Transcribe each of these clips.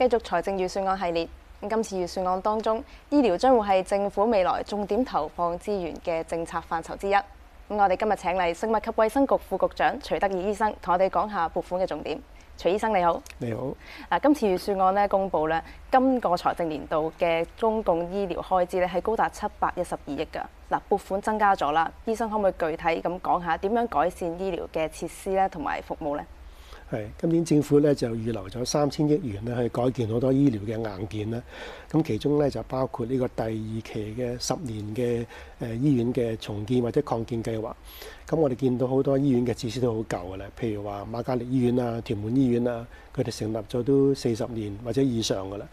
繼續財政預算案系列，咁今次預算案當中，醫療將會係政府未來重點投放資源嘅政策範疇之一。咁我哋今日請嚟食物及衛生局副，副局長徐德義醫生，同我哋講下撥款嘅重點。徐醫生你好。你好。嗱，今次預算案咧，公布啦，今個財政年度嘅公共醫療開支咧，係高達七百一十二億㗎。嗱，撥款增加咗啦，醫生可唔可以具體咁講下點樣改善醫療嘅設施咧，同埋服務呢？係，今年政府咧就預留咗三千億元咧去改建好多醫療嘅硬件啦。咁其中咧就包括呢個第二期嘅十年嘅誒醫院嘅重建或者擴建計劃。咁我哋見到好多醫院嘅設施都好舊嘅啦，譬如話瑪嘉烈醫院啊、屯門醫院啊，佢哋成立咗都四十年或者以上嘅啦。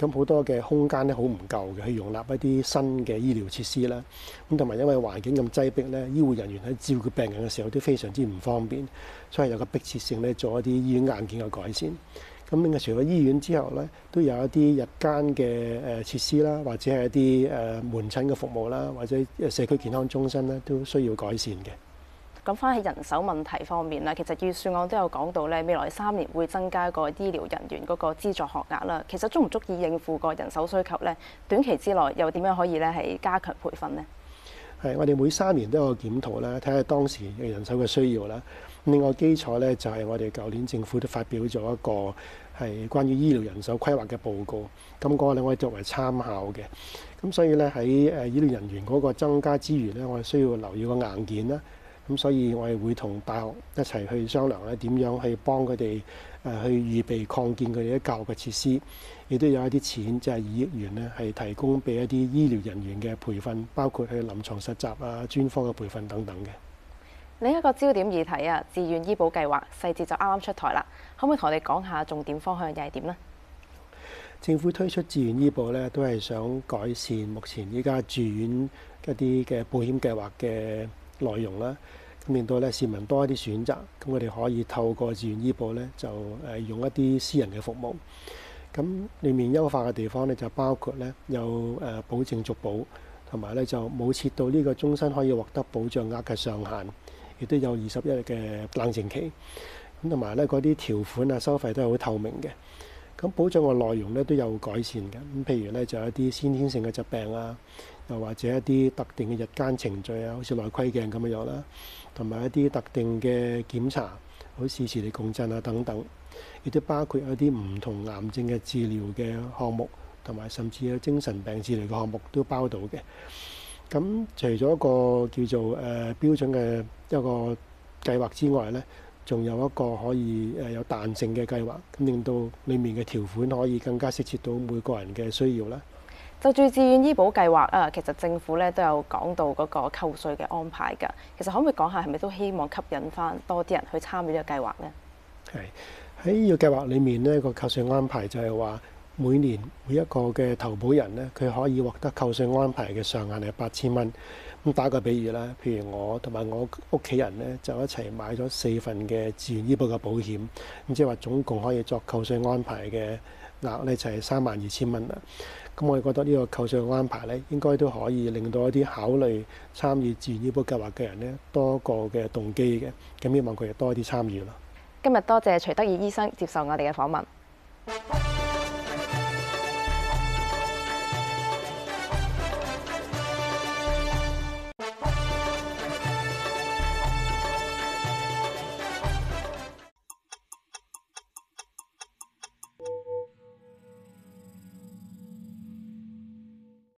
咁好多嘅空間咧好唔夠嘅，去容納一啲新嘅醫療設施啦。咁同埋因為環境咁擠迫咧，醫護人員喺照顧病人嘅時候都非常之唔方便，所以有個迫切性咧，做一啲醫院硬件嘅改善。咁另外除咗醫院之後咧，都有一啲日間嘅誒設施啦，或者係一啲誒門診嘅服務啦，或者社區健康中心咧，都需要改善嘅。咁翻喺人手問題方面咧，其實預算案都有講到咧，未來三年會增加個醫療人員嗰個資助學額啦。其實足唔足以應付個人手需求咧？短期之內又點樣可以咧？係加強培訓呢？係我哋每三年都有檢討啦，睇下當時嘅人手嘅需要啦。另外一個基礎咧就係我哋舊年政府都發表咗一個係關於醫療人手規劃嘅報告。咁、那、嗰個咧我哋作為參考嘅。咁所以咧喺誒醫療人員嗰個增加之餘咧，我哋需要留意個硬件啦。咁所以，我哋會同大學一齊去商量咧，點樣去幫佢哋誒去預備擴建佢哋一啲教育嘅設施，亦都有一啲錢，就係二億元咧，係提供俾一啲醫療人員嘅培訓，包括去臨床實習啊、專科嘅培訓等等嘅。另一個焦點議題啊，自願醫保計劃細節就啱啱出台啦，可唔可以同我哋講下重點方向又係點呢？政府推出自願醫保咧，都係想改善目前依家住院一啲嘅保險計劃嘅。內容啦，咁令到咧市民多一啲選擇，咁我哋可以透過自願醫保咧就誒用一啲私人嘅服務。咁裏面優化嘅地方咧就包括咧有誒保證續保，同埋咧就冇設到呢個終身可以獲得保障額嘅上限，亦都有二十一日嘅冷靜期。咁同埋咧嗰啲條款啊、收費都係好透明嘅。咁保障嘅內容咧都有改善嘅。咁譬如咧就有一啲先天性嘅疾病啊。就或者一啲特定嘅日間程序啊，好似內窺鏡咁樣啦，同埋一啲特定嘅檢查，好似磁力共振啊等等，亦都包括一啲唔同癌症嘅治療嘅項目，同埋甚至有精神病治療嘅項目都包到嘅。咁除咗一個叫做誒標準嘅一個計劃之外呢，仲有一個可以誒有彈性嘅計劃，咁令到裡面嘅條款可以更加適切到每個人嘅需要啦。就住自願醫保計劃啊，其實政府咧都有講到嗰個扣稅嘅安排㗎。其實可唔可以講下，係咪都希望吸引翻多啲人去參與呢個計劃呢？係，喺呢個計劃裡面呢，呢個扣稅安排就係話每年每一個嘅投保人咧，佢可以獲得扣稅安排嘅上限係八千蚊。咁打個比喻啦，譬如我同埋我屋企人咧就一齊買咗四份嘅自願醫保嘅保險，咁即係話總共可以作扣稅安排嘅。嗱，呢就係三萬二千蚊啦，咁我哋覺得呢個扣稅嘅安排呢，應該都可以令到一啲考慮參與自願醫保計劃嘅人呢，多個嘅動機嘅，咁希望佢哋多啲參與啦。今日多謝，謝徐德義醫生接受我哋嘅訪問。